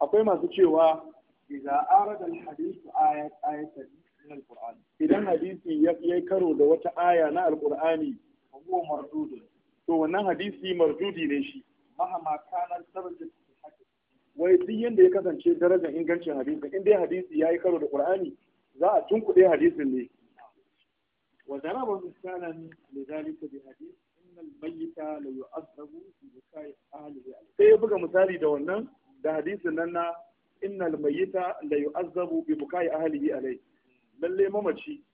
akwai masu cewa idza arada al-hadith ayat ayatan min al idan hadisi ya yi karo da wata aya na alqur'ani qurani huwa mardud to wannan hadisi mardudi ne shi mahama kana sabata wai duk yanda ya kasance darajar ingancin hadisi in dai hadisi ya yi karo da Qur'ani za a tunkuɗe hadisin ne wa daraba misalan lidalika bi hadisi? sai ya buga misali da wannan da hadisin nan na innal mayyita la yu'azzabu bi bukai ahlihi alai lalle mamaci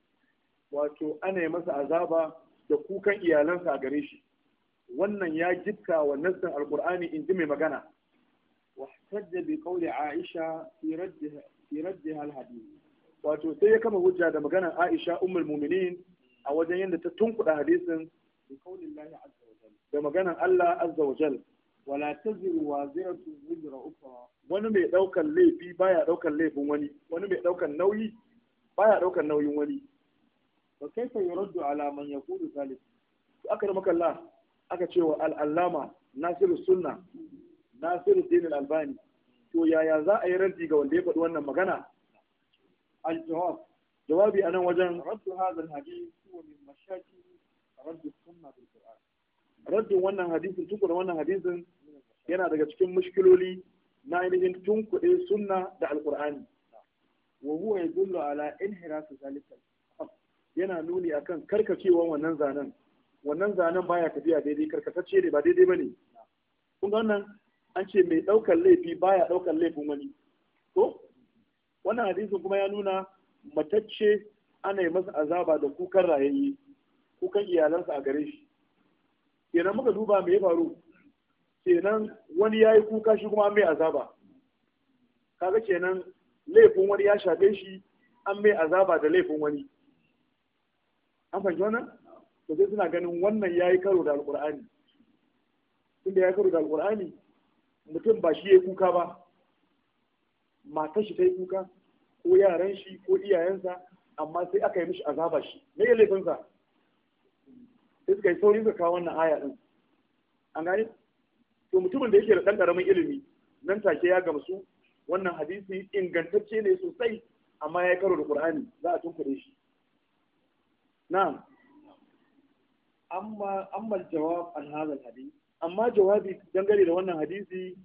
wato ana yi masa azaba da kukan iyalansa a gare shi wannan ya jikka wa nassin alqur'ani in ji mai magana wahtajja bi qawli aisha fi raddiha fi raddiha wato sai ya kama hujja da maganar aisha ummul mu'minin a wajen yadda ta tunkuɗa hadisin bi qaulillahi azza wa jalla da maganan Allah azza wa jalla wala taziru waziratu wizra ukhra wani mai daukan laifi baya daukan laifin wani wani mai daukan nauyi baya daukan nauyin wani fa kaifa yuraddu ala man yaqulu zalik to aka maka Allah aka ce wa al-allama nasiru sunna nasiru din al-albani to yaya za a yi raddi ga wanda ya faɗi wannan magana al-jawab jawabi anan wajen raddu hadha al-hadith huwa min mashaki raddin wannan hadisin tukur wannan hadisin yana daga cikin mushkiloli na ainihin tunkuɗe sunna da alkur'ani wa huwa yadullu ala inhirafi zalika yana nuni akan karkacewan wannan zanen wannan zanen baya a daidai karkatacce ne ba daidai bane kun ga wannan an ce mai ɗaukar laifi baya ɗaukar laifin wani to wannan hadisin kuma ya nuna matacce ana yi masa azaba da kukan rayayye kukan iyalansa a gare shi kenan muka duba me ya faru kenan wani ya yi kuka shi kuma mai azaba kaga kenan laifin wani ya shafe shi an mai azaba da laifin wani an fahimci wannan to sai suna ganin wannan ya yi karo da alkur'ani tunda ya karo da alkur'ani mutum ba shi ya yi kuka ba matar shi ta yi kuka ko yaran shi ko iyayensa amma sai aka yi mishi azaba shi me ya laifinsa sai suka yi sauri suka kawo wannan aya din an gane to mutumin da yake da ɗan ƙaramin ilimi nan take ya gamsu wannan hadisi ingantacce ne sosai amma ya yi karo da ƙur'ani za a tunkure shi na'am amma amma jawab an hadal hadisi amma jawabi dangane da wannan hadisi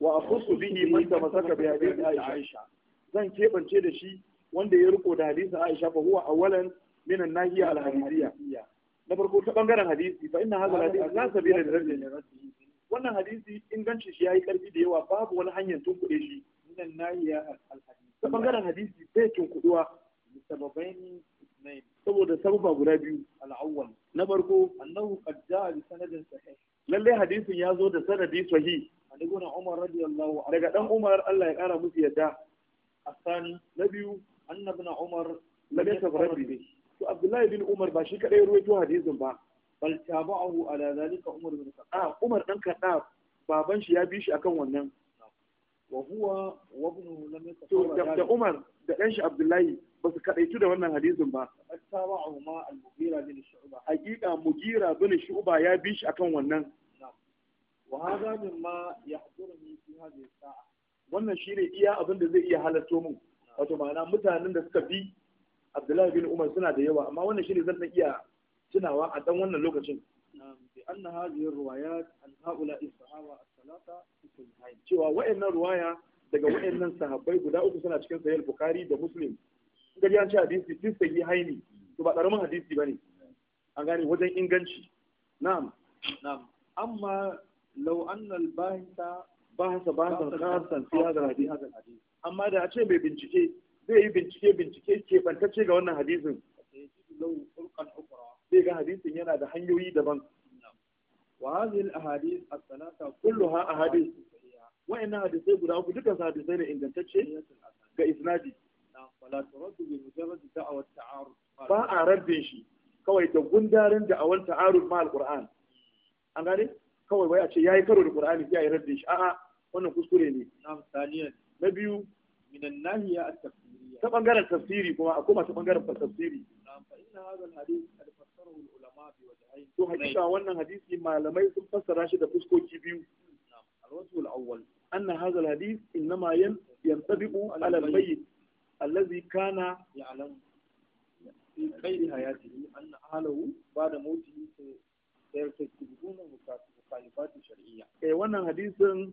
wa akhusu bihi man tamasaka bi hadisi Aisha zan kebance da shi wanda ya riko da hadisi Aisha fa huwa awwalan min an-nahiya al-hadisiyya na farko ta bangaren hadisi fa inna hadha al-hadith la sabila li wannan hadisi ingancin shi yayi karfi da yawa babu wani hanyar tunkuɗe shi min an-nahiya ta hadisi اثنين saboda sababa guda biyu al-awwal na farko annahu qad jaa bi sanadin sahih lalle hadisin ya zo da sanadi sahih daga Umar radiyallahu anhu daga dan Umar Allah ya kara musu yadda asani na biyu Umar to Abdullahi bin Umar ba shi kadai ruwaito hadisin ba bal tabahu ala zalika Umar bin Khattab Umar dan Khattab baban shi ya bi shi akan wannan wa huwa wa lam da Umar da dan shi Abdullahi ba su kadaitu da wannan hadisin ba tabahu ma al-Mughira bin Shu'ba hakika Mughira bin Shu'ba ya bi shi akan wannan wa hada mimma yahduruni fi hadhihi sa'a wannan shine iya abin da zai iya halatto mun wato ma'ana mutanen da suka bi abdullahi bin umar suna da yawa amma wannan shine zan iya tunawa a dan wannan lokacin بأن هذه الروايات عن هؤلاء as الثلاثة في الصحيحين. cewa وإن ruwaya daga wa'annan sahabbai guda uku suna cikin sahih bukhari da muslim gari an ci hadisi sun sayi haini to ba karamin hadisi bane an gane wajen inganci na'am na'am amma law anna al bahisa bahasa bahasa khasan fi hadha al hadith amma da a ce bai bincike zai yi bincike bincike keɓantacce ga wannan hadisin zai ga hadisin yana da hanyoyi daban wa hadhihi al-ahadith as-salasa kulluha ahadith wa'annan hadisai guda uku duka su hadisai ne ingantacce ga isnadi wala turaddu bi mujarrad ba a rabbin shi kawai da gundarin da'awar ta'arud ma al-qur'an an gane kawai wai a ce yayi karo da qur'ani sai ayi rabbin shi a'a wannan kuskure ne na biyu minan nahiya at-tafsir ta bangaren tafsiri kuma a kuma ta bangaren tafsiri to hakika wannan hadisi malamai sun fassara shi da fuskoki biyu al-wajhul awwal anna hadha al-hadith inma yantabiqu ala al-bayt alladhi kana ya'lam fi khayri hayatihi anna ahlahu ba'da mawtihi shar'iyya eh wannan hadisin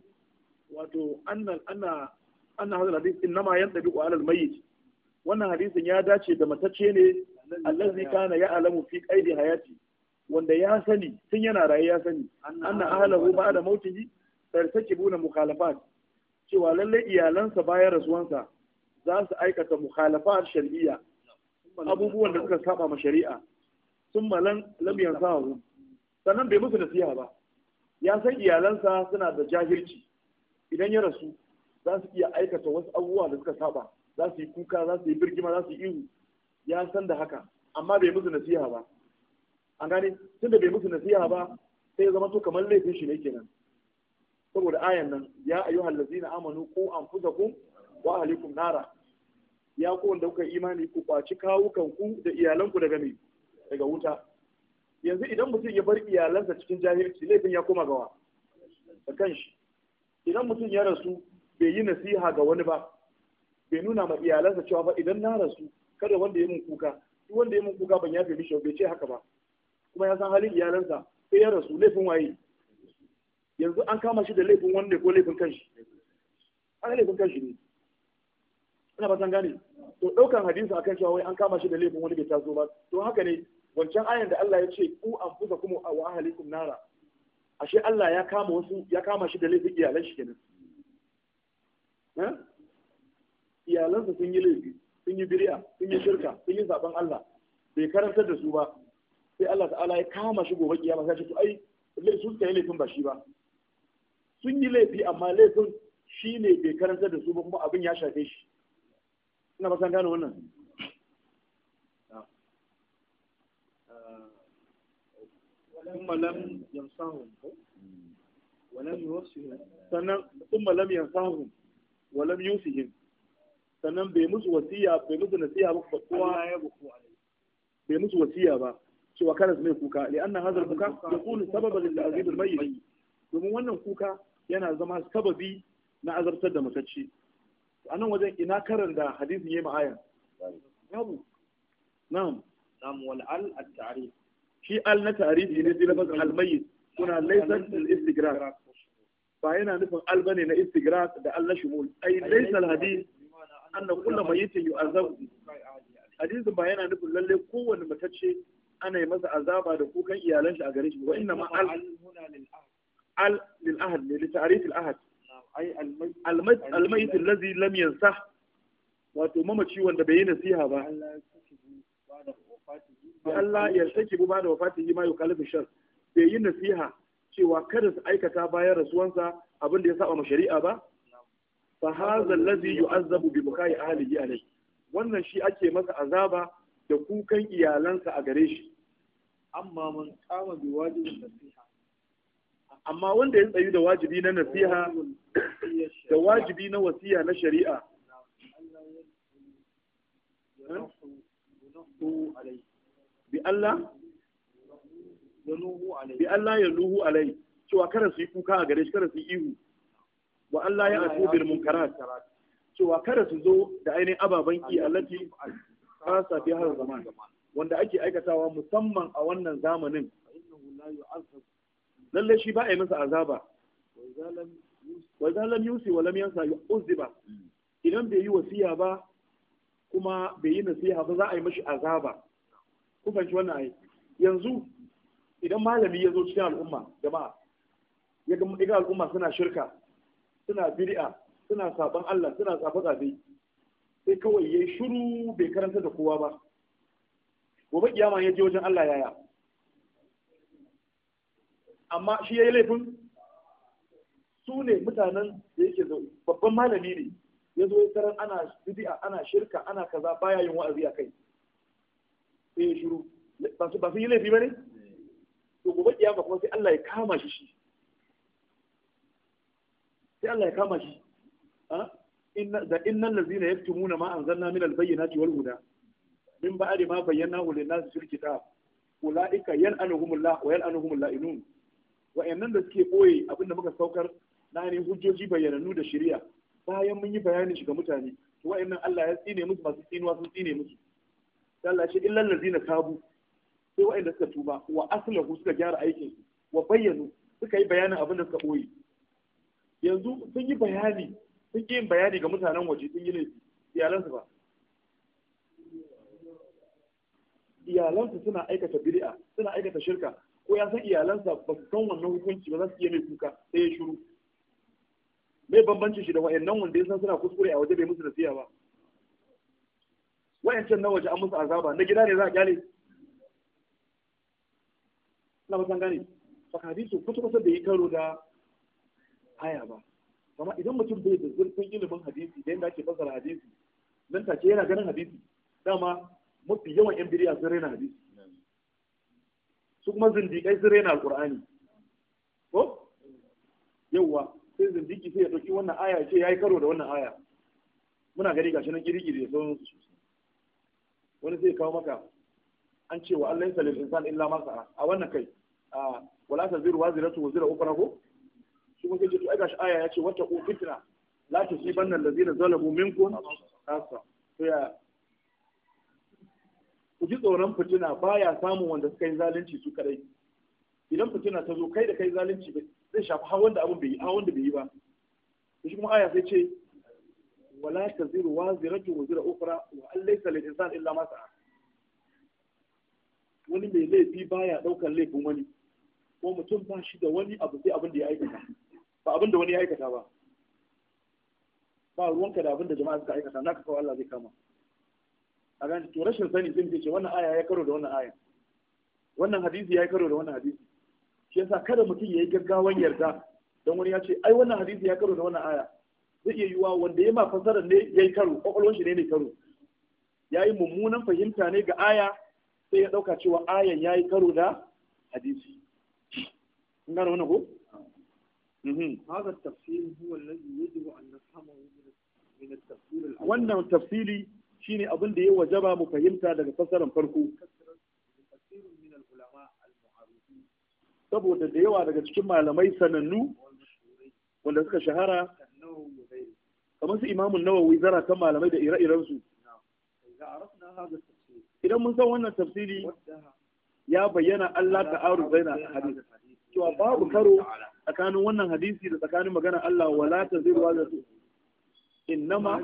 wato anna anna anna inma yantabiqu ala al wannan hadisin ya dace da matacce ne allazi kana ya alamu fi qaidi hayati wanda ya sani tun yana raye ya sani anna ahlahu ba'da mautihi sartakibuna mukhalafat cewa lalle iyalansa bayan rasuwansa za su aikata mukhalafat shar'iyya abubuwan da suka saba ma shari'a sun malan lam yansahu sannan bai musu nasiha ba ya san iyalansa suna da jahilci idan ya rasu za su iya aikata wasu abubuwa da suka saba za su yi kuka za su yi birgima za su yi ihu ya san da haka amma bai musu nasiha ba an gane tun da bai musu nasiha ba sai ya zama to kamar laifin shi ne kenan saboda ayan nan ya ayu ladzina amanu ku anfusakum wa ahlikum nara ya ku wanda kuka imani ku kwaci kawukan ku da iyalanku daga me daga wuta yanzu idan mutum ya bar iyalansa cikin jahilci laifin ya koma gawa da kanshi idan mutum ya rasu bai yi nasiha ga wani ba bai nuna ma iyalansa cewa ba idan na rasu kada wanda ya mun kuka duk wanda ya mun kuka ban yafe mishi bai ce haka ba kuma ya san halin iyalansa sai ya rasu laifin waye yanzu an kama shi da laifin wanda ko laifin kanshi an laifin kanshi ne ina ba san gane to daukan hadisi akan cewa wai an kama shi da laifin wani bai taso ba to haka ne wancan ayan da Allah ya ce ku anfusakum wa ahlikum nara ashe Allah ya kama wasu ya kama shi da laifin iyalan shi kenan almajiransa sun yi laifi sun yi biriya sun yi shirka sun yi zaben Allah bai karantar da su ba sai Allah ta'ala ya kama shi gobe kiyama sai ce ai su suka yi laifin ba shi ba sun yi laifi amma laifin shi ne bai karantar da su ba kuma abin ya shafe shi ina ba san gano wannan ثم لم ينصحهم ولم يوصهم ثم لم ينصحهم ولم يوصهم sannan bai musu wasiya bai musu nasiha ba ba kowa bai musu wasiya ba cewa kada karas mai kuka li anna hadha kuka yakunu sababan lil azib al mayyit domin wannan kuka yana zama sababi na azabtar da matacci anan wajen ina karan da hadisin yayi ma'ayan babu na'am nam wal al at ta'rif shi al na ta'rif ne zai lafazin al mayyit kuna laysa al istighraq ba yana nufin al bane na istighraq da al na shumul ai laysa al hadith anna yake mayyitin azabu hadisi ba yana nufin lalle kowanne matacce ana yi masa azaba da kukan iyalan shi a gare shi wa inna ma al al lil ahad ne li ta'rif al ahad ay al mayt al mayt allazi lam yansah wato mamaci wanda bai yi nasiha ba Allah ya saki bu ba da yi ma yukalifu shar bai yi nasiha cewa kada su aikata bayan rasuwansa abin da ya saba ma shari'a ba fahazan lazi yi azabu bi bukai yi alai. wannan shi ake masa azaba da kukan iyalansa a gare shi amma man kama bi wajibin nasiha amma wanda ya tsayu da wajibi na nasiha da wajibi na wasiya na shari'a bi Allah bi Allah ya nuhu alai cewa kada su yi kuka a gare shi kada su yi ihu wa Allah ya asu bil munkarat cewa kada su zo da ainihin ababen ki allati fasa fi har zaman wanda ake aikatawa musamman a wannan zamanin lalle shi ba a yi masa azaba wa zalam yusi wa lam yansa yu'ziba idan bai yi wasiya ba kuma bai yi nasiha ba za a yi mashi azaba ku fahimci wannan ai yanzu idan malami ya zo cikin al'umma jama'a ya ga al'umma suna shirka suna bid'a suna saban Allah suna safa tsafe sai kawai yayi shiru bai karanta da kowa ba gobe kiyama ya je wajen Allah yaya amma shi yayi laifin su ne mutanen da yake babban malami ne ya zo tarar ana bid'a ana shirka ana kaza baya yin wa'azi a kai sai ya shiru ba su yi laifi ba ne eh. to gobe kiyama kuma sai Allah ya kama shi shi sai Allah ya kama shi da innan lazina yaktumuna ma anzalna min albayyinati wal huda min ba'di ma bayyana bayyanahu lin nas fil kitab ulaika yal'anuhumullah wa yal'anuhumul la'inun wa'annan da suke boye abinda muka saukar na ne hujjoji bayyananu da shari'a bayan mun yi bayani shi ga mutane to wa'annan Allah ya tsine musu masu tsinuwa sun tsine musu sai Allah ya ce illal lazina tabu sai wa'anda suka tuba wa aslahu suka gyara aikin wa bayyanu suka yi bayanin abinda suka boye yanzu sun yi bayani sun yi bayani ga mutanen waje sun yi laifi iyalansu ba iyalansu suna aikata bid'a suna aikata shirka ko ya san iyalansa ba su san wannan hukunci ba za su iya mai kuka sai ya shiru mai bambancin shi da wa'annan wanda ya san suna kuskure a waje bai musu nasiya ba wayancan na waje an musu azaba na gida ne za a gyale na ba san gane fa kusa kusa da yi karo da aya ba amma idan mutum bai da zurfin ilimin hadisi da yadda ake fassara hadisi nan take yana ganin hadisi dama mafi yawan yan biriya sun raina hadisi su kuma zindiƙai sun raina alƙur'ani ko yawwa sai zindiki sai ya ɗauki wannan aya ce ya yi karo da wannan aya muna gani gashi nan girgiri da sauransu wani zai kawo maka an ce wa Allah ya lil insan illa ma sa'a a wannan kai a wala taziru waziratu wazira ukra ko kuma sai to ai gashi aya ya ce wata ku fitna la da zira zalabu minkum khassa to ya ku ji tsoron fitina baya samun wanda suka yi zalunci su kadai idan fitina ta zo kai da kai zalunci zai shafi hawan da abin bai yi hawan da bai yi ba shi kuma aya sai ce wala ta ziru wa ziratu wa wa laysa lil insani illa ma sa'a wani mai laifi baya daukan laifin wani ko mutum ba shi da wani abu sai abin da ya aikata ba abin da wani ya aikata ba ba ruwanka da abin da jama'a suka aikata naka kawai Allah zai kama a ganin to rashin sani zai ce wannan aya ya karo da wannan aya wannan hadisi ya karo da wannan hadisi shi yasa kada mutum ya yi gaggawan yarda don wani ya ce ai wannan hadisi ya karo da wannan aya zai iya yiwuwa wanda ya ma fasara ne ya yi karo kwakwalwar shi ne ne karo ya yi mummunan fahimta ne ga aya sai ya ɗauka cewa ayan ya yi karo da hadisi. Kun gane wannan ko? هذا التفصيل هو الذي يجب ان نفهمه من من التفصيل الأول wannan tafsili shine abin da ya wajaba mu fahimta daga fasaran farko saboda da yawa daga cikin malamai sanannu wanda suka shahara kamar su imamun nawawi zara kan malamai da ire-irensu idan mun san wannan tafsiri ya bayyana Allah ta'aru zaina hadis cewa babu karo tsakanin wannan hadisi da tsakanin magana Allah wala ta zai ruwa zato innama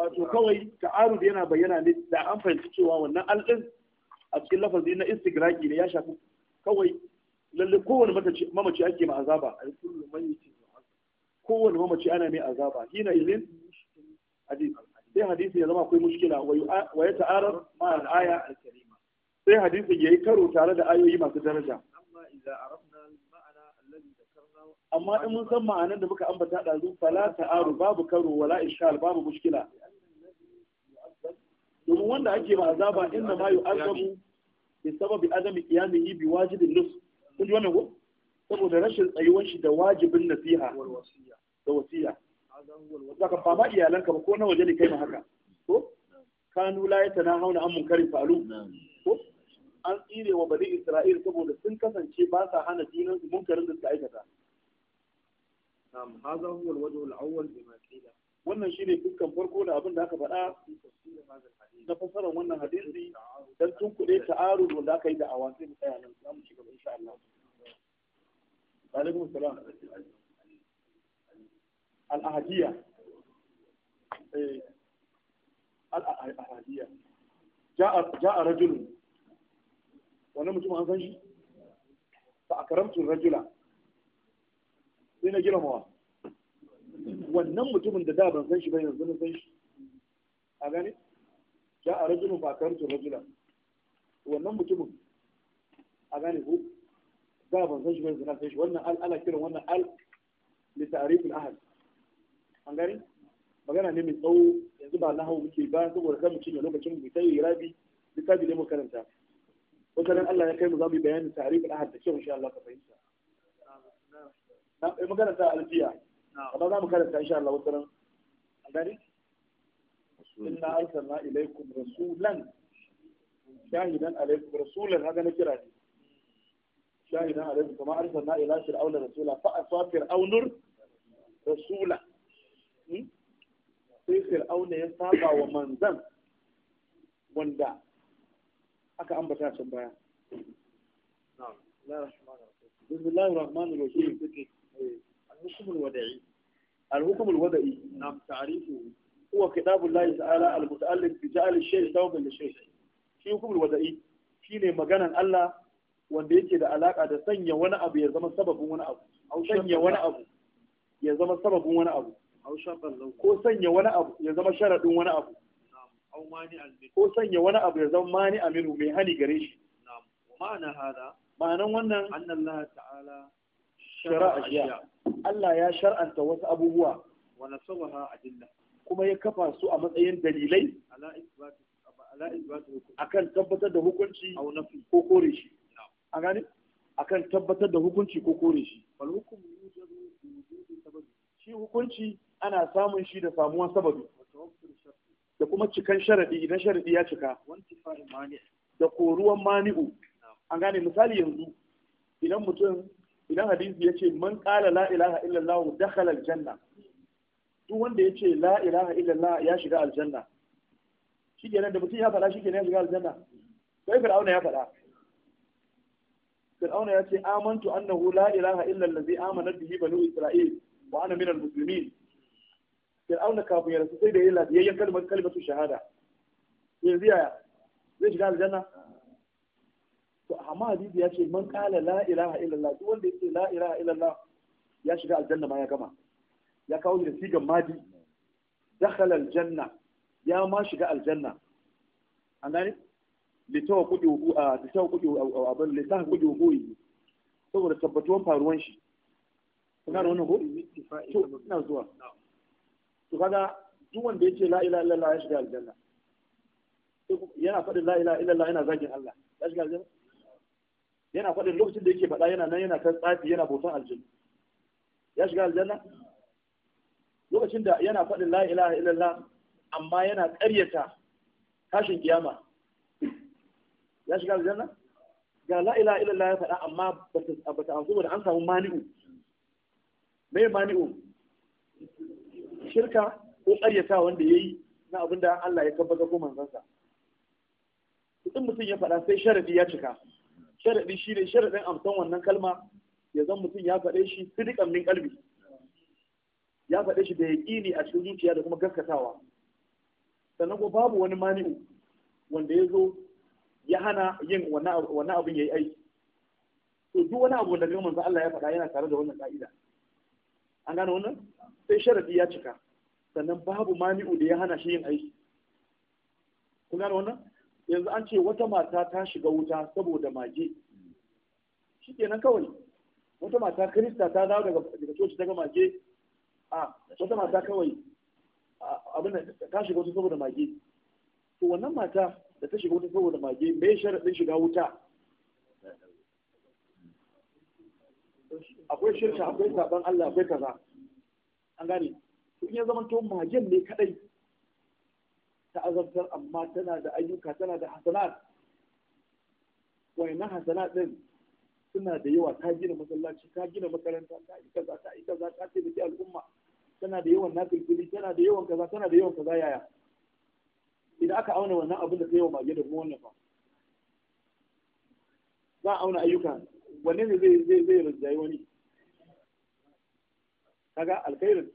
wato kawai ta'arud yana bayyana ne da an fahimci cewa wannan al din a cikin lafazi na istigraki ne ya shafi kawai lalle kowane mamaci ake ma azaba kowane mamaci ana mai azaba hina izin hadisi sai hadisi ya zama akwai mushkila wa ya ta'arar ma al'aya, aya al karima sai hadisin yayi karo tare da ayoyi masu daraja amma in mun san ma'anar da muka ambata ɗazu fala ta'aru babu karo wala ishal babu mushkila domin wanda ake ba azaba inna ma yu'azabu bi sababi adami qiyamihi bi wajibin nus kun ji wannan ko saboda rashin tsayuwar shi da wajibin nasiha da wasiya Saka ba ma iyalanka ba ko na waje ne kai ma haka ko kanu la yatanahawna an munkarin fa'alu an tsire wa bani isra'ila saboda sun kasance ba sa hana junan su munkarin da suka aikata nam hadha huwa alwajh alawwal bima qila wannan shine farko da abin da aka faɗa na fasarar wannan hadisi dan tun kuɗe ta'arud wanda aka yi da awan sai mu tsaya nan za mu ci gaba insha Allah alaikum salam al ahadiyya eh al ahadiyya ja'a rajulun wannan mutum an san shi fa akramtu rajula sai na girmamawa wannan mutumin da da ban san shi ba yanzu na san shi a gane ja'a rajulun fa akramtu rajula wannan mutumin a gane ko da ban san shi ba yanzu na san shi wannan al ala kiran wannan al li ta'rif al ahad an gane magana ne mai tsawo yanzu ba na hau muke ba saboda kan mutum da lokacin mu sai yi rabi littafi ne mu karanta wata Allah ya kai mu za bayani yi bayanin tarihi da hadda kyau insha Allah ka fahimta na yi magana ta alfiya amma za mu karanta insha Allah wannan gari inna arsalna ilaykum rasulan shahidan alaykum rasulan haka na kira ne shahidan alaykum kuma arsalna ila fir'auna rasula fa aswa fir'aunur rasula sai fir'auna ya saba wa manzan wanda aka ambata can baya بسم الله الرحمن الرحيم الحكم الوضعي الحكم الوضعي نعم تعريفه هو كتاب الله تعالى المتألف بجعل الشيء دوما للشيء shi hukumul wada'i shine maganan Allah wanda yake da alaƙa da sanya wani abu ya zama sanya wani abu ya zama sababin wani abu ko sanya wani abu ya zama sharaɗin wani abu ko sanya wani abu ya zama mani aminu mai hani gare shi ma'anan wannan Allah ya shar'anta wasu abubuwa kuma ya kafa su a matsayin dalilai akan tabbatar da hukunci ko kore shi a gani akan tabbatar da hukunci ko kore shi shi hukunci ana samun shi da samuwa sababi da kuma cikan sharadi idan sharadi ya cika da koruwan mani'u an gane misali yanzu idan mutum idan hadisi ya ce man qala la ilaha illallah dakhala aljanna duk wanda ya ce la ilaha illallah ya shiga aljanna shi da mutum ya faɗa shi ya shiga aljanna sai fir'auna ya faɗa fir'auna ya ce amantu annahu la ilaha illa allazi amana bihi banu isra'il wa ana minal muslimin fir'auna kafin ya rasu sai da yalla lafiyayyen kalmar kalmatu shahada yanzu yaya zai shiga aljanna to amma hadisi ya ce man qala la ilaha illallah duk wanda yake la ilaha illallah ya shiga aljanna ma ya gama ya kawo shi da sigan madi dakhala aljanna ya ma shiga aljanna an gane litawa kudi a litawa kudi abin litawa kudi koyi. saboda tabbatuwan faruwan shi kana wannan ko to ina zuwa to kaga duk wanda yace la ilaha illallah ya shiga aljanna yana faɗin la ilaha illallah yana zagin Allah ya shiga aljanna yana faɗin lokacin da yake faɗa yana nan yana kan tsafi yana bautan aljanna ya shiga aljanna lokacin da yana faɗin la ilaha illallah amma yana ƙaryata tashin kiyama ya shiga aljanna ga la ilaha illallah ya faɗa amma ba ta amsu da an samu mani'u me mani'u shirka ko ƙaryata wanda ya yi na abin da Allah ya tabbata ko manzansa in mutum ya faɗa sai sharadi ya cika sharadi shi ne sharadin amsan wannan kalma ya zan mutum ya faɗe shi sidikan min ƙalbi. ya faɗe shi da ne a cikin zuciya da kuma gaskatawa sannan ko babu wani mani'u wanda ya zo ya hana yin wannan abin ya yi aiki to duk wani abu da ga manzo Allah ya faɗa yana tare da wannan ƙa'ida. an gane wannan sai sharadi ya cika sannan babu mani'u da ya hana shi yin aiki kun gane wannan yanzu an ce wata mata ta shiga wuta saboda mage shi kenan kawai wata mata krista ta dawo daga daga coci daga mage a wata mata kawai abin da ta shiga wuta saboda mage to wannan mata da ta shiga wuta saboda mage me sharadin shiga wuta akwai shirka akwai saban Allah akwai kaza an gane to in ya zama to magen ne kadai ta azabtar amma tana da ayyuka tana da hasanat wayannan hasanat din suna da yawa ta gina masallaci ta gina makaranta ta yi kaza ta yi kaza ta taimaki al'umma tana da yawan nafilfili tana da yawan kaza tana da yawan kaza yaya idan aka auna wannan abin da ta yi wa mage da kuma wannan fa za a auna ayyuka wanne ne zai zai zai rinjayi wani kaga alkhairin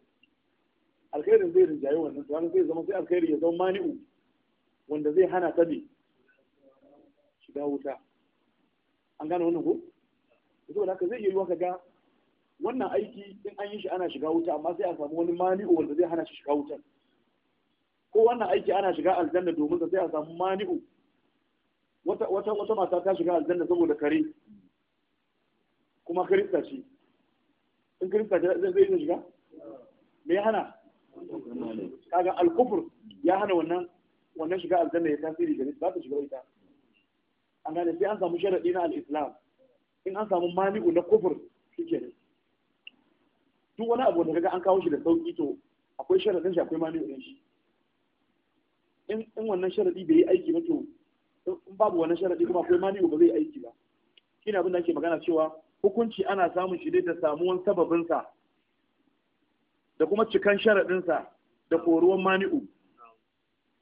alkhairin zai rinjaye wannan to kaga zai zama sai alkhairi ya zama mani'u wanda zai hana ta ne shiga wuta an gane wannan ko saboda haka zai yi ka ga wannan aiki in an yi shi ana shiga wuta amma sai a samu wani mani'u wanda zai hana shi shiga wutan ko wannan aiki ana shiga aljanna domin sai a samu mani'u wata wata mata ta shiga aljanna saboda kare kuma kirista ce in kirista zai iya shiga me ya hana kaga alkufur ya hana wannan wannan shiga aljanna ya tasiri gare ba ta shiga ita an gane sai an samu sharadi na al-islam in an samu mani'u na kufur shike ne duk wani abu da kaga an kawo shi da sauki to akwai sharadin shi akwai mani'u din shi in wannan sharadi bai yi aiki ba to in babu wannan sharadi kuma akwai mani'u ba zai aiki ba shine abin da ake magana cewa hukunci ana samun shi ne da samuwan sababinsa da kuma cikan sharaɗinsa da koruwan mani'u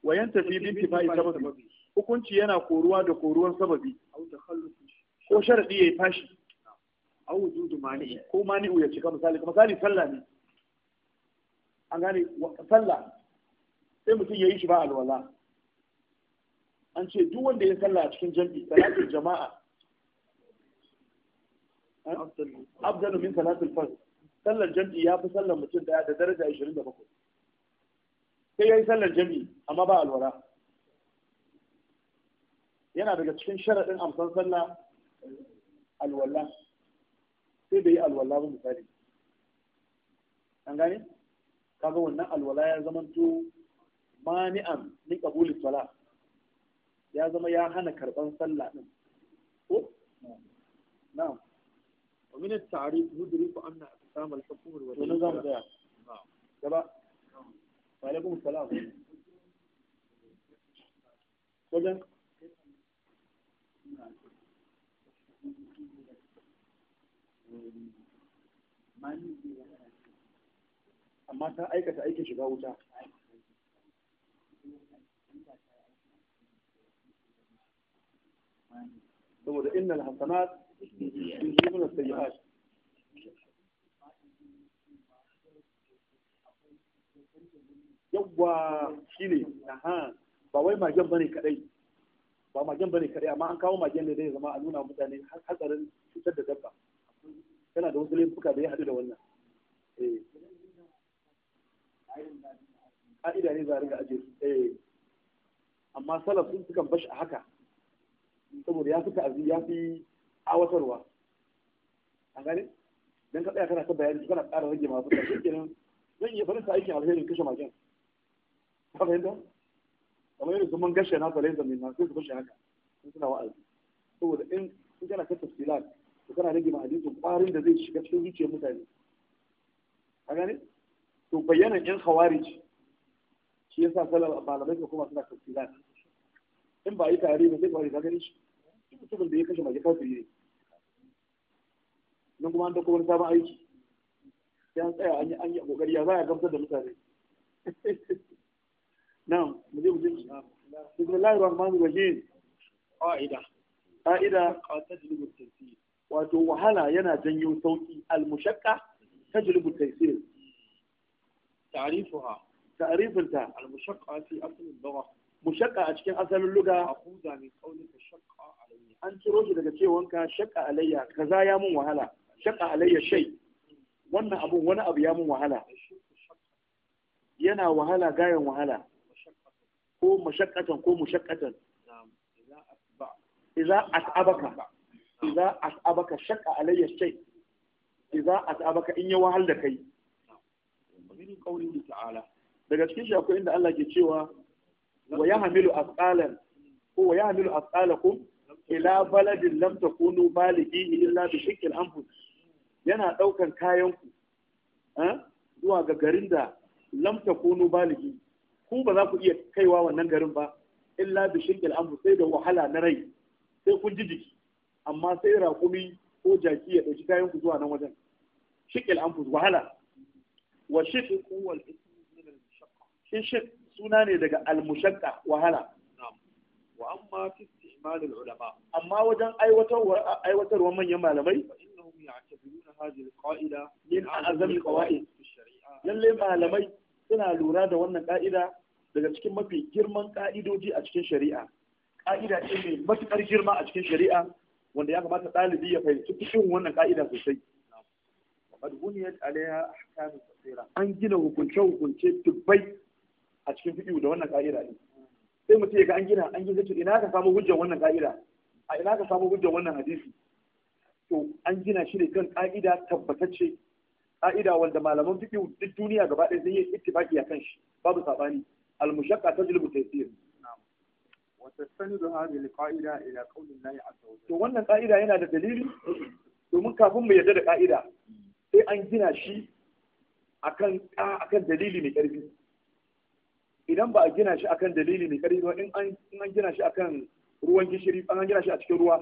wayan tafi bin tifa'i sababi hukunci yana koruwa da koruwan sababi ko sharaɗi ya yi fashi ko mani'u ya cika misali misali sallah ne an gane sallah sai mutum ya yi shi ba alwala an ce duk wanda ya sallah a cikin jam'i salatin jama'a afdalu min salatul fard sallar jam'i ya fi sallar mutum daya da daraja 27 sai ya yi sallar jam'i amma ba alwala yana daga cikin sharaɗin amsan sallah alwala sai bai yi alwala ba misali an gane kaga wannan alwala ya zama zamanto mani'an ni qabuli sala ya zama ya hana karɓar sallah din ko na'am ومن التعريف يدرك أن أقسام الحكم الوزير نعم جبا وعليكم السلام وجن amma ta aikata aikin shiga wuta saboda innal hasanat يجيبون السيئات yawwa shine aha ba wai magen bane kadai ba magen bane kadai amma an kawo magen da zai zama a nuna mutane hatsarin cutar da dabba yana da wasu laifuka da ya haɗu da wannan eh ne za a riga aje eh. amma salaf sun sukan bashi a haka saboda ya fi ta'azi ya fi awatarwa a gane don ka tsaya kana ta bayani kana ƙara rage masu fuska shi kenan zan iya farinta aikin alherin kashe magen ka fahimta kamar yadda sun gashe na fara zamin na sai su kashe haka sun suna wa'azi saboda in in kana ta tafsilat to kana rage ma hadisin ƙwarin da zai shiga cikin zuciyar mutane a gane to bayanan yan khawarij shi yasa sallar malamai ko kuma suna tafsilat in ba yi tare ba sai kawai ka gani shi mutumin da ya kashe magen kafiri ne nan kuma an dauko wani sabon aiki sai an tsaya an yi an yi kokari ya za a gamsar da mutane na'am mu je mu je bismillahir rahmanir rahim qa'ida qa'ida tajlibu at-taysir wato wahala yana janyo sauki al-mushaqqa tajlibu at-taysir ta'rifuha ta'rifinta al-mushaqqa fi asl al-lugha mushaqqa a cikin asalin lugha aquza min qawlika shaqqa alayya an ciro shi daga cewanka shaqqa alayya kaza ya mun wahala shakka halayya shai wannan abun wani abu ya mun wahala yana wahala gayan wahala ko mashakkatan ko mushakkatan idza at'abaka idza at'abaka shakka alayya shay idza at'abaka in ya wahal da kai daga cikin shi akwai inda Allah ke cewa wa ya Hamilu asqalan ko wa ya yahmilu asqalakum ila baladin lam takunu balighihi illa bi shiqqil anfus yana ɗaukar kayanku eh, zuwa ga garin da lamta no baligi ku ba za ku iya kaiwa wannan garin ba illa bi shirkil amru sai da wahala na rai sai kun ji jiki amma sai raƙumi ko jaki ya ɗauki kayanku zuwa nan wajen shirkil amru wahala wa shirku wal ism min suna ne daga al-mushaqqa wahala wa amma fi istimal al-ulama amma wajen aiwatarwa aiwatarwa manyan malamai fa innahum min a'azam al-qawaid lalle malamai suna lura da wannan ka'ida daga cikin mafi girman ka'idoji a cikin shari'a ka'ida ce mai matukar girma a cikin shari'a wanda ya kamata ɗalibi ya fahimci cikin wannan ka'ida sosai qad buniyat alaiha ahkamu kathira an gina hukunce hukunce dubbai a cikin fiqh da wannan ka'ida ne sai mutum ya ga an gina an gina ina ka samu hujjar wannan ka'ida a ina ka samu hujjar wannan hadisi to an gina shi ne kan ƙa'ida tabbatacce ƙa'ida wanda malaman fiqh duk duniya gaba ɗaya sun yi a kan shi babu saɓani. al-mushaqqa tajlibu taysir wa tastanidu hadhihi al ila qawli Allah azza wa to wannan ƙa'ida yana da dalili domin kafin mu yarda da ƙa'ida sai an gina shi akan akan dalili mai ƙarfi idan ba a gina shi akan dalili mai ƙarfi ba in an gina shi akan ruwan gishiri an gina shi a cikin ruwa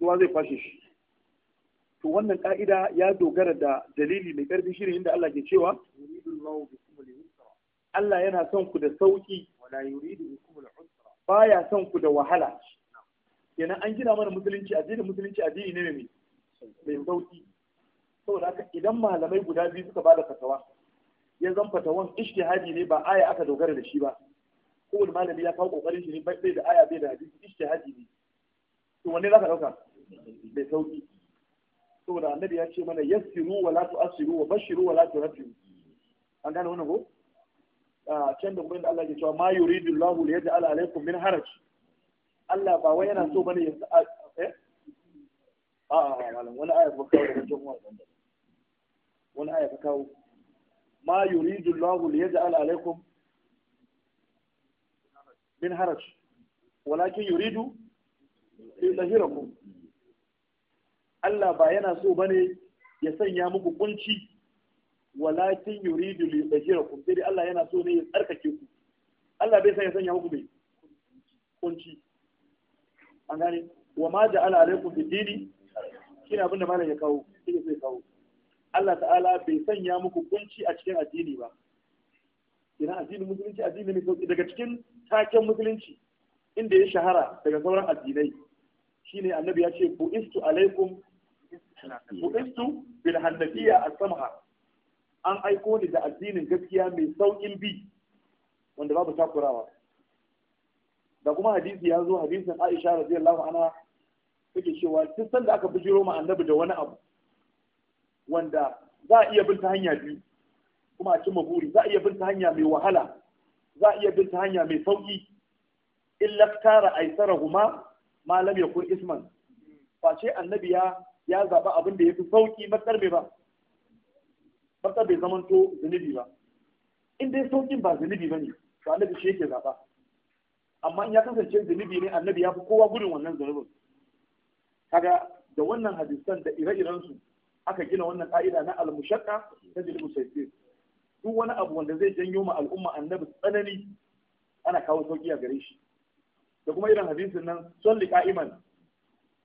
ruwa zai kwashe shi to wannan ka'ida ya dogara da dalili mai karfi shine inda Allah ke cewa Allah yana son ku da sauki baya son ku da wahala kenan an gina mana musulunci addinin musulunci addini ne mai mai sauki saboda haka idan malamai guda biyu suka bada fatawa ya zan fatawan hadi ne ba aya aka dogara da shi ba kowane malami ya kawo kokarin shi ne bai da aya bai da hadisi hadi ne to wanne zaka dauka mai sauki saboda annabi ya ce mana yassiru wa la tu'assiru wa bashiru wa la turafiu an gane wannan ko a can da kuma inda Allah ke cewa ma yuridu Allahu li yaj'ala alaykum min haraj Allah ba wai yana so bane ya sa eh a malam wani aya ba kawo daga jumu'a wani aya ba kawo ma yuridu Allahu li yaj'ala alaykum min haraj walakin yuridu li yuzhirakum Allah ba yana so bane ya sanya muku kunci walakin yuridu li yudhhirakum sai Allah yana so ne ya tsarkake ku Allah bai san ya sanya muku mai kunci an gane wa ma ja'ala alaikum bi dini shi abin da malam ya kawo ne zai kawo Allah ta'ala bai sanya muku kunci a cikin addini ba ina addinin musulunci addini ne daga cikin taken musulunci inda ya shahara daga sauran addinai shine annabi ya ce istu alaikum bu'istu bil hanafiya a samha an aiko ni da addinin gaskiya mai sauƙin bi wanda babu takurawa da kuma hadisi ya zo hadisin Aisha radiyallahu anha suke cewa duk sanda aka bijiro ma annabi da wani abu wanda za a iya bin ta hanya bi kuma a cimma buri za a iya bin ta hanya mai wahala za a iya bin ta hanya mai sauki illa tara aisarahuma malam ya yakun isman face annabi ya ya zaɓa abin da ya fi sauƙi matsar bai ba matsar bai to zunubi ba in dai sauƙin ba zunubi ba ne to annabi shi yake zaɓa amma in ya kasance zunubi ne annabi ya fi kowa gudun wannan zunubin kaga da wannan hadisan da ire-irensu aka gina wannan ka'ida na al-mushaqqa tajlibu sayyid duk wani abu wanda zai janyo ma al'umma annabi tsanani ana kawo sauki a gare shi da kuma irin hadisin nan salli qa'iman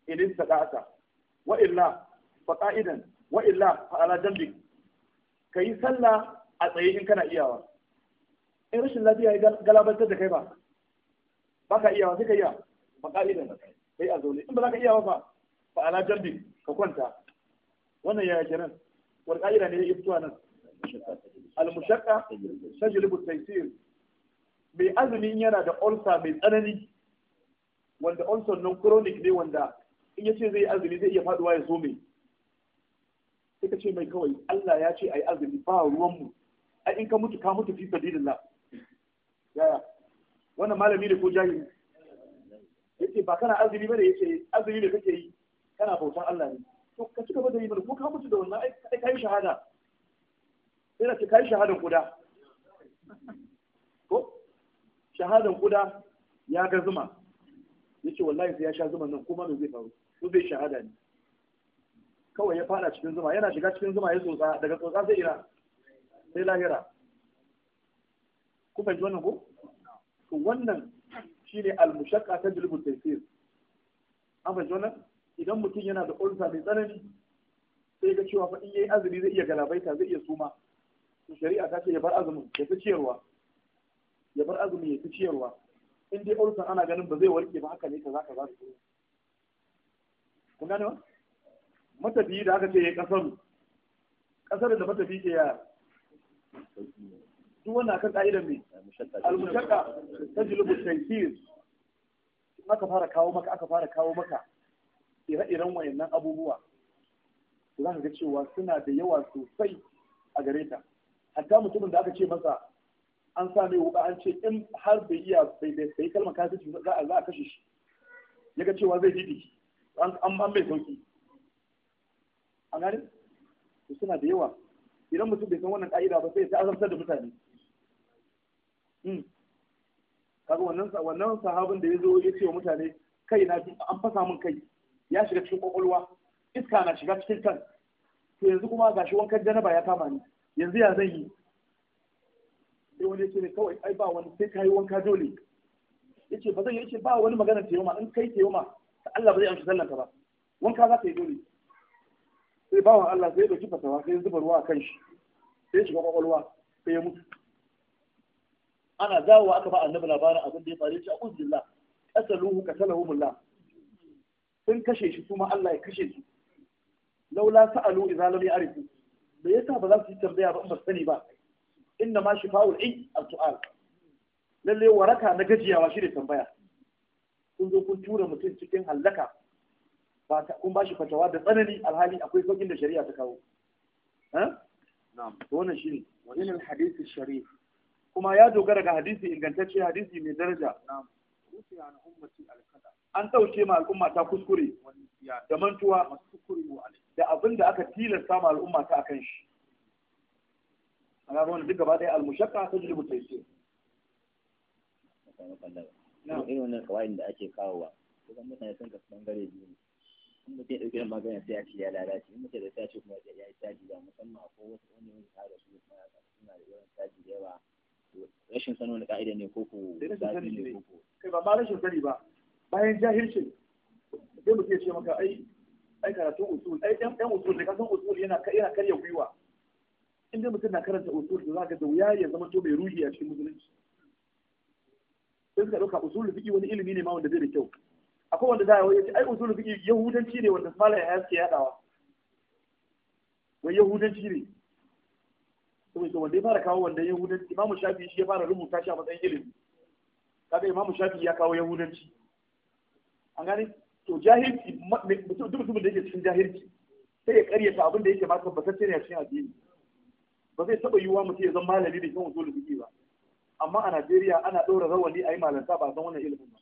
idan sada'ata wa illa fa qa'idan wa illa fa ala ka kai sallah a tsaye in kana iyawa in rashin lafiya ya galabantar da kai ba ba ka iyawa sai ka iya fa qa'idan kai a zaune in ba za ka iyawa ba fa ala jambi ka kwanta wannan yake nan wani ƙa'ida ne ya yi fitowa nan al-mushaqqa tajlibu taysir mai azumin yana da ulcer mai tsanani wanda ulcer non chronic ne wanda in ya ce zai yi azumi zai iya faduwa ya zo mai sai ka ce mai kawai Allah ya ce a yi azumi ba ruwanmu a in ka mutu ka mutu fi sabilillah yaya wannan malami ne ko jahili yace ba kana azumi ya yace azumi ne kake yi kana bautan Allah ne to ka ci gaba da yi mana ko ka mutu da wannan ai kai shahada sai na ce kai shahadan kuda ko shahadan kuda ya ga zuma yace wallahi sai ya sha zuman nan kuma me zai faru su shahada ne kawai ya fada cikin zuma yana shiga cikin zuma ya tsotsa daga tsotsa sai ina sai lahira kuma ji wannan ko to wannan shine al-mushaqqa ta at tafsir amma ji wannan idan mutum yana da ulsa mai tsanani sai ga cewa fa in yayi azumi zai iya galabaita zai iya suma to shari'a ta ce ya bar azumin ya fi ciyarwa ya bar azumin ya fi ciyarwa in dai ulsa ana ganin ba zai warke ba haka ne kaza kaza da kun gane ba matafiyi da aka ce ya kasar kasar da matafi ke ya duk wannan akan ka'idar ne al-mushaqqa tajlibu at-taysir aka fara kawo maka aka fara kawo maka ire-iren wayannan abubuwa to za ka ga cewa suna da yawa sosai a gare ta hatta mutumin da aka ce masa an sa mai wuka an ce in har bai iya bai bai kalmar kafirci za a kashe shi ya ga cewa zai didi an mai sauki a gani su suna da yawa idan mutum bai san wannan ka'ida ba sai ta azamtar da mutane hmm. kaga wannan wannan sahabin da ya zo ya ce wa mutane kai na an fasa min kai ya shiga cikin kwakwalwa iska na shiga cikin kan to yanzu kuma gashi wankan janaba ya kama ni yanzu ya zan yi sai wani ya ce ne kawai ai ba wani sai ka yi wanka dole ya ce ba zan yi ba wani magana teyoma in kai ma. Allah ba zai amsa sallanka ba wanka za ka yi dole sai bawan Allah sai ya dauki fatawa sai ya zuba ruwa a kan shi sai ya shiga kwakwalwa sai ya mutu ana dawowa aka ba annabi labarin abin da ya faru shi a uzbillah qasaluhu qatalahumullah sun kashe shi kuma Allah ya kashe su laula sa'alu idza lam ya'rifu me yasa ba za su yi tambaya ba in ba sani ba inna ma shifa'ul ilm al-su'al lalle waraka na gajiyawa shi ne tambaya kun zo kun tura mutum cikin hallaka kun ba shi fatawa da tsanani alhali akwai sokin da shari'a ta kawo Eh? to wannan shine wa ilal hadisi sharif kuma ya dogara ga hadisi ingantacce hadisi mai daraja na'am rufiya an ummati al an tsauce ma al'umma ta kuskure da mantuwa da abin da aka tilasta ma al'umma ta akan shi ana ga wannan duk gaba ɗaya al-mushaqqa tajlibu taysir irin wannan kawai da ake kawowa kuma mutane sun kasu bangare biyu ne in mutum ya ɗauki magana sai a ce ya lalace in mutum da sai ce kuma ya yi caji da musamman ko wasu wani wani tare su kuma suna da yawan caji da yawa rashin sanin wani ka'ida ne ko ko zafi ne ko kai ba ma rashin sani ba bayan jahilcin sai mutum ya ce maka ai ai karatun usul ai ɗan ɗan usul da kasan usul yana yana karya gwiwa in dai mutum na karanta usul da zaka da wuya ya zama to mai ruhi a cikin musulunci sai suka ɗauka usulul fiqi wani ilimi ne ma wanda zai da kyau akwai wanda zai yace yi ai usulul fiqi yahudanci ne wanda malaya ya suke yadawa wai yahudanci ne saboda wanda ya fara kawo wanda yahudanci imamu shafi shi ya fara rubuta shi a matsayin ilimi kaga imamu shafi ya kawo yahudanci an gane to jahilci duk mutumin da yake cikin jahilci sai ya karyata abin da yake ma tabbatacce ne a cikin addini ba zai taba yiwuwa mutum ya zama malami da kan usulul fiqi ba amma a Najeriya ana ɗora rawani a yi malanta ba san wannan ilimin ba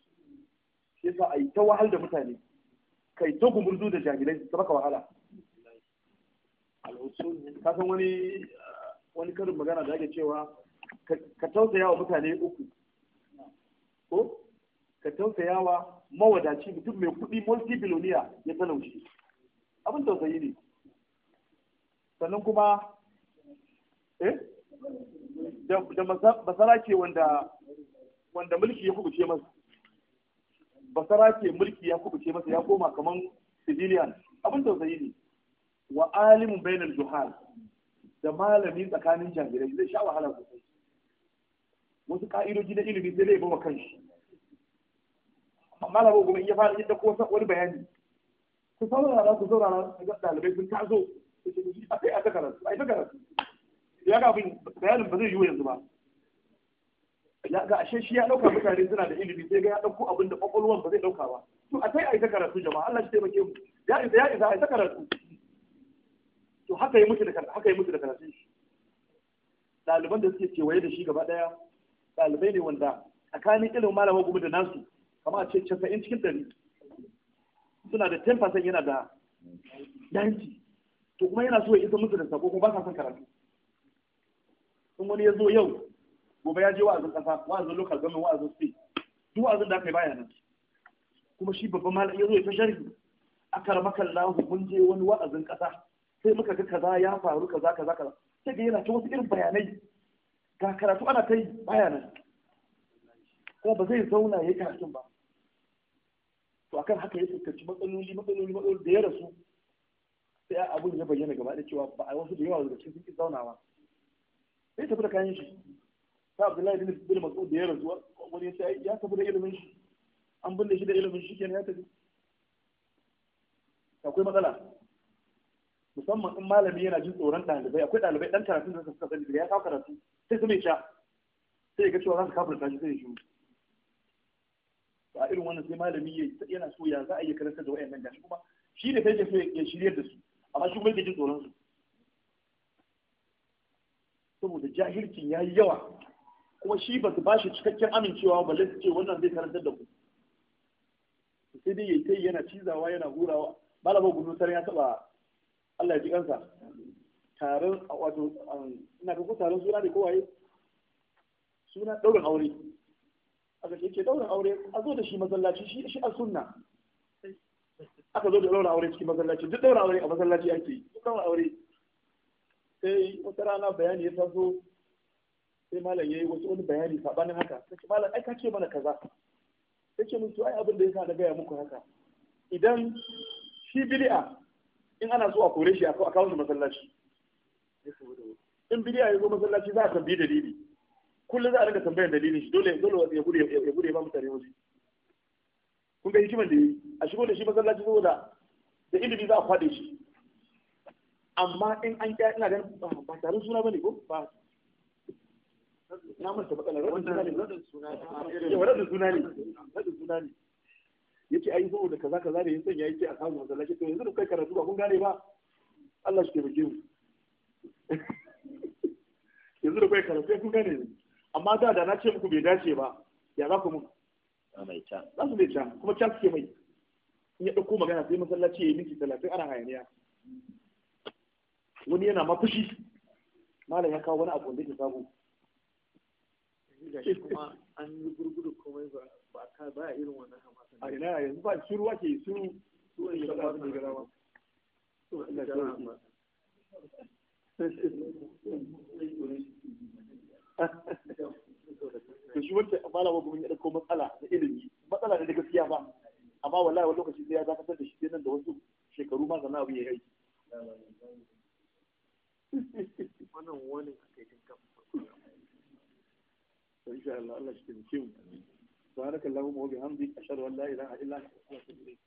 shi yasa a yi ta wahal da mutane kai ta gumurzu da jami'ai ta baka wahala ka san wani wani karin magana da ake cewa ka tausaya wa mutane uku ko ka tausaya wa mawadaci mutum mai kuɗi multi biloniya ya talauci abin tausayi ne sannan kuma eh da basara ke wanda mulki ya kubuce masa basara ke mulki ya kubuce masa ya koma kaman civilian abin tausayi ne wa alimun bainar juhal da malami tsakanin jami'ai zai sha wahala sosai wasu ka'idoji na ilimi sai zai bawa kanshi malamin kuma in ya fara yadda ko wani bayani ku saurara ku saurara ga dalibai sun tazo a kai a ta karatu a ta karatu ya ga abin bayanin ba zai yiwu yanzu ba ya ga ashe shi ya dauka mutane suna da ilimi sai ga ya dauko abin da kwakwalwan ba zai dauka ba to a sai a yi ta karatu jama'a Allah shi taimake mu ya isa ya isa a yi ta karatu to haka yi mutu da haka yi mutu da karatu shi ɗaliban da suke kewaye da shi gaba ɗaya ɗalibai ne wanda tsakanin ilimin malama gumi da nasu kama a ce casa'in cikin ɗari suna da 10% yana da yanki to kuma yana so ya isa musu da sako kuma ba sa son karatu in wani ya zo yau gobe ya je wa'azin kasa wa'azin local government wa'azin state duk wa'azin da aka yi baya nan kuma shi babban malam ya zo ya ta sharhi aka ramaka lahu mun je wani wa'azin kasa sai muka ga kaza ya faru kaza kaza kaza sai ga yana ta wasu irin bayanai ga karatu ana ta yi baya nan kuma ba zai zauna ya yi karatun ba to akan haka ya fuskanci matsaloli matsaloli matsaloli da ya rasu sai abun ya bayyana gaba da cewa ba a wasu da yawa daga cikin sun zaunawa sai tafi da kayan shi ta abdullahi bin bin mas'ud da ya rasuwa. wani ya sai ya tafi da ilimin shi an binne shi da ilimin shi kenan ya tafi akwai matsala musamman in malami yana jin tsoron ɗalibai akwai ɗalibai ɗan karatun da suka sani daga ya kawo karatu sai su mai sha sai ga cewa za su kafirta shi sai ya shiru a irin wannan sai malami yana so ya za a iya karanta da wayannan gashi kuma shi ne sai so ya shirya da su amma shi kuma yake jin tsoron su saboda jahilcin ya yi yawa kuma shi ba su bashi cikakken amincewa ba su ce wannan zai karantar da ku sai dai yayi kai yana cizawa yana hurawa malama gudu tare ya taba Allah ya ji kansa taron wato um, ina ga ko taron suna ne kowaye suna daurin aure aka ce ke daurin aure a zo da shi masallaci shi shi a sunna aka zo da daurin aure cikin masallaci duk daurin aure a masallaci ake yi duk daurin aure sai wata rana bayani ya taso sai malam ya yi wasu wani bayani sabanin haka sai malam ai ce mana kaza sai ce musu ai abin da ya sa na gaya muku haka idan shi bid'a in ana so a kore shi a kawo shi masallaci in bid'a ya zo masallaci za a tambayi dalili kullum za a rinka tambayar dalilin shi dole dole ya gure ya ya ba mutane wasu kun ga hikimar da yi a shigo da shi masallaci saboda da ilimi za a kwade shi amma in an kya ina ganin ah, ba tarin suna bane ko ba na manta matsalar radin suna ne radin suna ne ah, eh, ya ce ne yace ai kaza kaza kaza ne yasan yayi ce a samu masallaci to yanzu kai karatu ba kun gane ba Allah shi ke bige mu yanzu da kai karatu kun gane ne amma da da na ce muku bai dace ba ya za ku mun mai ta za su mai ta kuma can suke mai in ya dauko magana sai masallaci ya yi minti talatin ana hayaniya wani yana ma malam ya kawo wani abu wanda yake sabo kuma an yi gurgudu komai ba ka ba irin wannan hamasa a ina yanzu ba shiru ake shiru su ba ne ga rawa to shi wacce malama gumin ya dauko matsala na ilimi matsala ne da gaskiya ba amma wallahi wani lokaci sai ya dakatar da shi sai nan da wasu shekaru ma sannan abu ya yi wannan wani aka yi kafin in sha Allah Allah shi taimake mu subhanakallahumma wa bihamdika ashhadu an la ilaha illa anta astaghfiruka